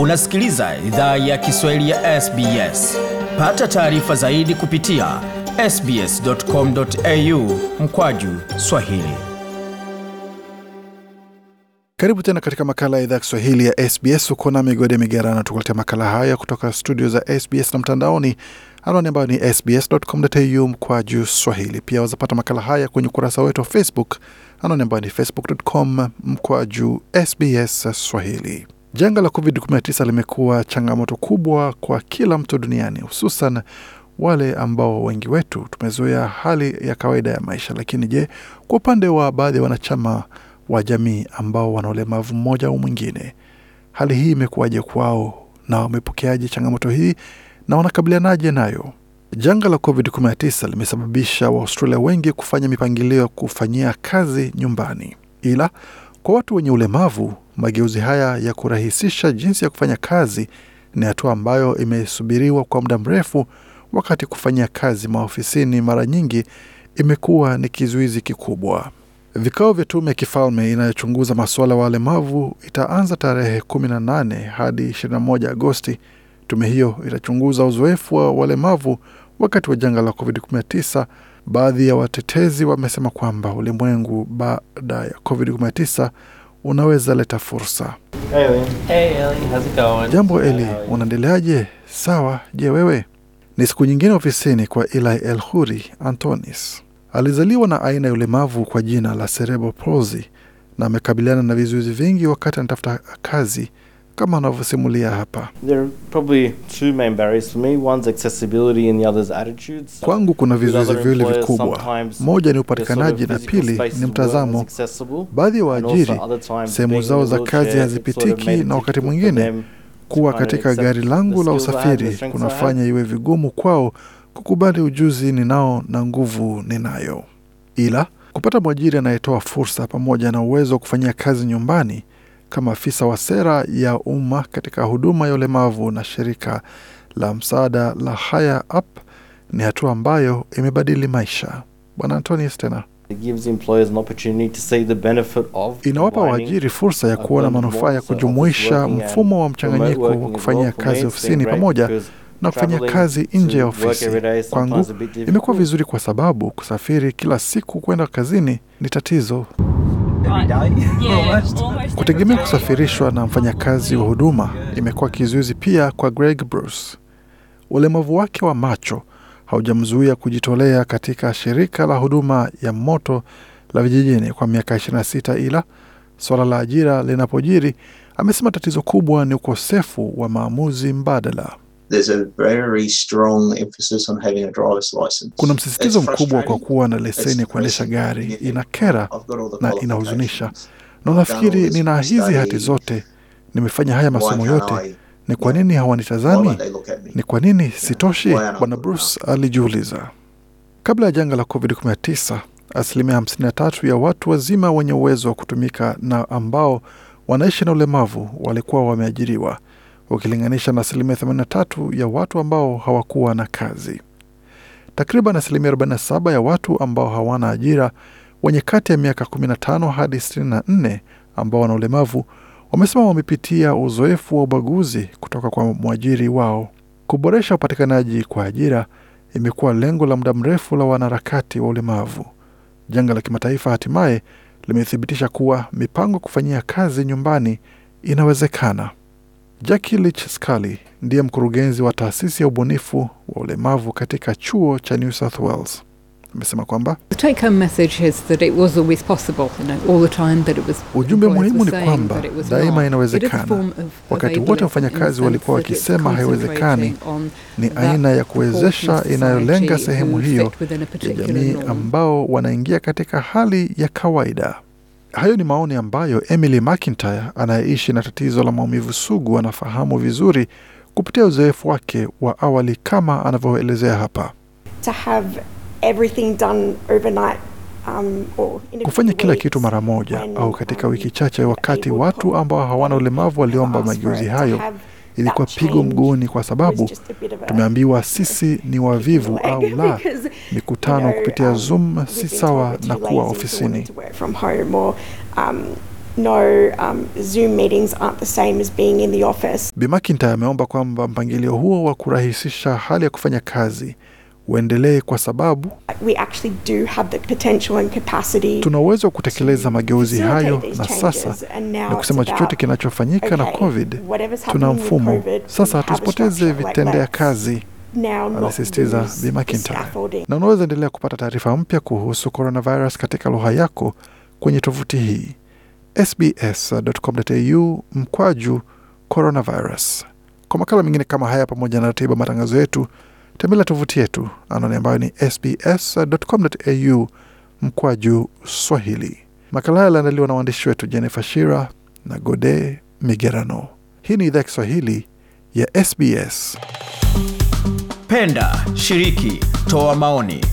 Unasikiliza idhaa ya Kiswahili ya SBS. Pata taarifa zaidi kupitia sbs.com.au mkwaju swahili. Karibu tena katika makala ya idhaa ya Kiswahili ya SBS. ukona Migode Migerano tukuletea makala haya kutoka studio za SBS na mtandaoni, anwani ambayo ni sbs.com.au mkwaju swahili. Pia wazapata makala haya kwenye ukurasa wetu wa Facebook, anwani ambayo ni facebook.com mkwaju sbs swahili. Janga la COVID-19 limekuwa changamoto kubwa kwa kila mtu duniani, hususan wale ambao wengi wetu tumezoea hali ya kawaida ya maisha. Lakini je, kwa upande wa baadhi ya wanachama wa jamii ambao wana ulemavu mmoja au mwingine, hali hii imekuwaje kwao na wamepokeaje changamoto hii na wanakabilianaje nayo? Janga la COVID-19 limesababisha Waaustralia wengi kufanya mipangilio ya kufanyia kazi nyumbani, ila kwa watu wenye ulemavu mageuzi haya ya kurahisisha jinsi ya kufanya kazi ni hatua ambayo imesubiriwa kwa muda mrefu, wakati kufanyia kazi maofisini mara nyingi imekuwa ni kizuizi kikubwa. Vikao vya tume ya kifalme inayochunguza masuala ya walemavu itaanza tarehe 18 hadi 21 Agosti. Tume hiyo itachunguza uzoefu wa walemavu wakati wa janga la COVID-19. Baadhi ya watetezi wamesema kwamba ulimwengu baada ya COVID-19 unaweza leta fursa. Jambo Eli, unaendeleaje? Sawa. Je, wewe? Ni siku nyingine ofisini kwa Eli Elhuri Antonis. Alizaliwa na aina ya ulemavu kwa jina la cerebral palsy na amekabiliana na vizuizi vingi wakati anatafuta kazi kama anavyosimulia hapa. Kwangu kuna vizuizi viwili vikubwa, moja ni upatikanaji sort of na pili ni mtazamo. Baadhi ya waajiri sehemu zao za kazi hazipitiki, na wakati mwingine kuwa katika gari langu la usafiri kunafanya iwe vigumu kwao kukubali ujuzi ninao na nguvu ninayo, ila kupata mwajiri anayetoa fursa pamoja na uwezo wa kufanyia kazi nyumbani kama afisa wa sera ya umma katika huduma ya ulemavu na shirika la msaada la Higher Up ni hatua ambayo imebadili maisha. Bwana antoni stena inawapa waajiri fursa ya kuona manufaa ya kujumuisha mfumo wa mchanganyiko wa kufanyia kazi ofisini pamoja na kufanyia kazi nje ya ofisi. Kwangu imekuwa vizuri kwa sababu kusafiri kila siku kwenda kazini ni tatizo. Kutegemea kusafirishwa na mfanyakazi wa huduma imekuwa kizuizi pia kwa Greg Bruce. Ulemavu wake wa macho haujamzuia kujitolea katika shirika la huduma ya moto la vijijini kwa miaka 26, ila suala la ajira linapojiri, amesema tatizo kubwa ni ukosefu wa maamuzi mbadala there's a very strong emphasis on having a driver's license. Kuna msisitizo mkubwa kwa kuwa na leseni ya kuendesha gari. Inakera na inahuzunisha, na unafikiri nina hizi hati zote, nimefanya haya masomo yote, ni kwa nini hawanitazami? Ni kwa nini sitoshi? Bwana Bruce alijiuliza. Kabla ya janga la COVID-19, asilimia 53 ya watu wazima wenye uwezo wa kutumika na ambao wanaishi na ulemavu walikuwa wameajiriwa ukilinganisha na asilimia 83 ya watu ambao hawakuwa na kazi. Takriban asilimia 47 ya watu ambao hawana ajira wenye kati ya miaka 15 hadi 64 ambao wana ulemavu wamesema wamepitia uzoefu wa ubaguzi kutoka kwa mwajiri wao. Kuboresha upatikanaji kwa ajira imekuwa lengo la muda mrefu la wanaharakati wa ulemavu. Janga la kimataifa hatimaye limethibitisha kuwa mipango kufanyia kazi nyumbani inawezekana. Jackie Lich Scully ndiye mkurugenzi wa taasisi ya ubunifu wa ulemavu katika chuo cha New South Wales amesema kwamba ujumbe muhimu ni kwamba daima inawezekana. Wakati wote wafanyakazi walikuwa wakisema haiwezekani, ni aina ya kuwezesha inayolenga sehemu hiyo ya jamii ambao wanaingia katika hali ya kawaida. Hayo ni maoni ambayo Emily McIntyre anayeishi na tatizo la maumivu sugu anafahamu vizuri kupitia uzoefu wake wa awali kama anavyoelezea hapa. To have everything done overnight Um, kufanya kila kitu mara moja au katika um, wiki chache, wakati watu ambao hawana ulemavu waliomba mageuzi hayo ilikuwa pigo mguuni, kwa sababu tumeambiwa sisi ni wavivu au la. Mikutano kupitia um, Zoom si sawa na kuwa ofisini. Um, no, um, Zoom meetings aren't the same as being in the office. Bi McIntyre ameomba kwamba mpangilio huo wa kurahisisha hali ya kufanya kazi uendelee kwa sababu tuna uwezo wa kutekeleza mageuzi hayo, na sasa ni kusema chochote kinachofanyika okay, na COVID tuna mfumo sasa tusipoteze vitendea kazi, anasisitiza Bi McIntyre. Na unaweza endelea kupata taarifa mpya kuhusu coronavirus katika lugha yako kwenye tovuti hii sbs.com.au mkwaju coronavirus. Kwa makala mengine kama haya, pamoja na ratiba matangazo yetu tembelea tovuti yetu anani ambayo ni sbs.com.au mkwaju Swahili. Makala haya yaliandaliwa na waandishi wetu Jennifer Shira na Gode Migerano. Hii ni idhaa ya Kiswahili ya SBS. Penda, shiriki, toa maoni,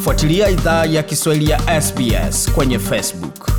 fuatilia idhaa ya Kiswahili ya SBS kwenye Facebook.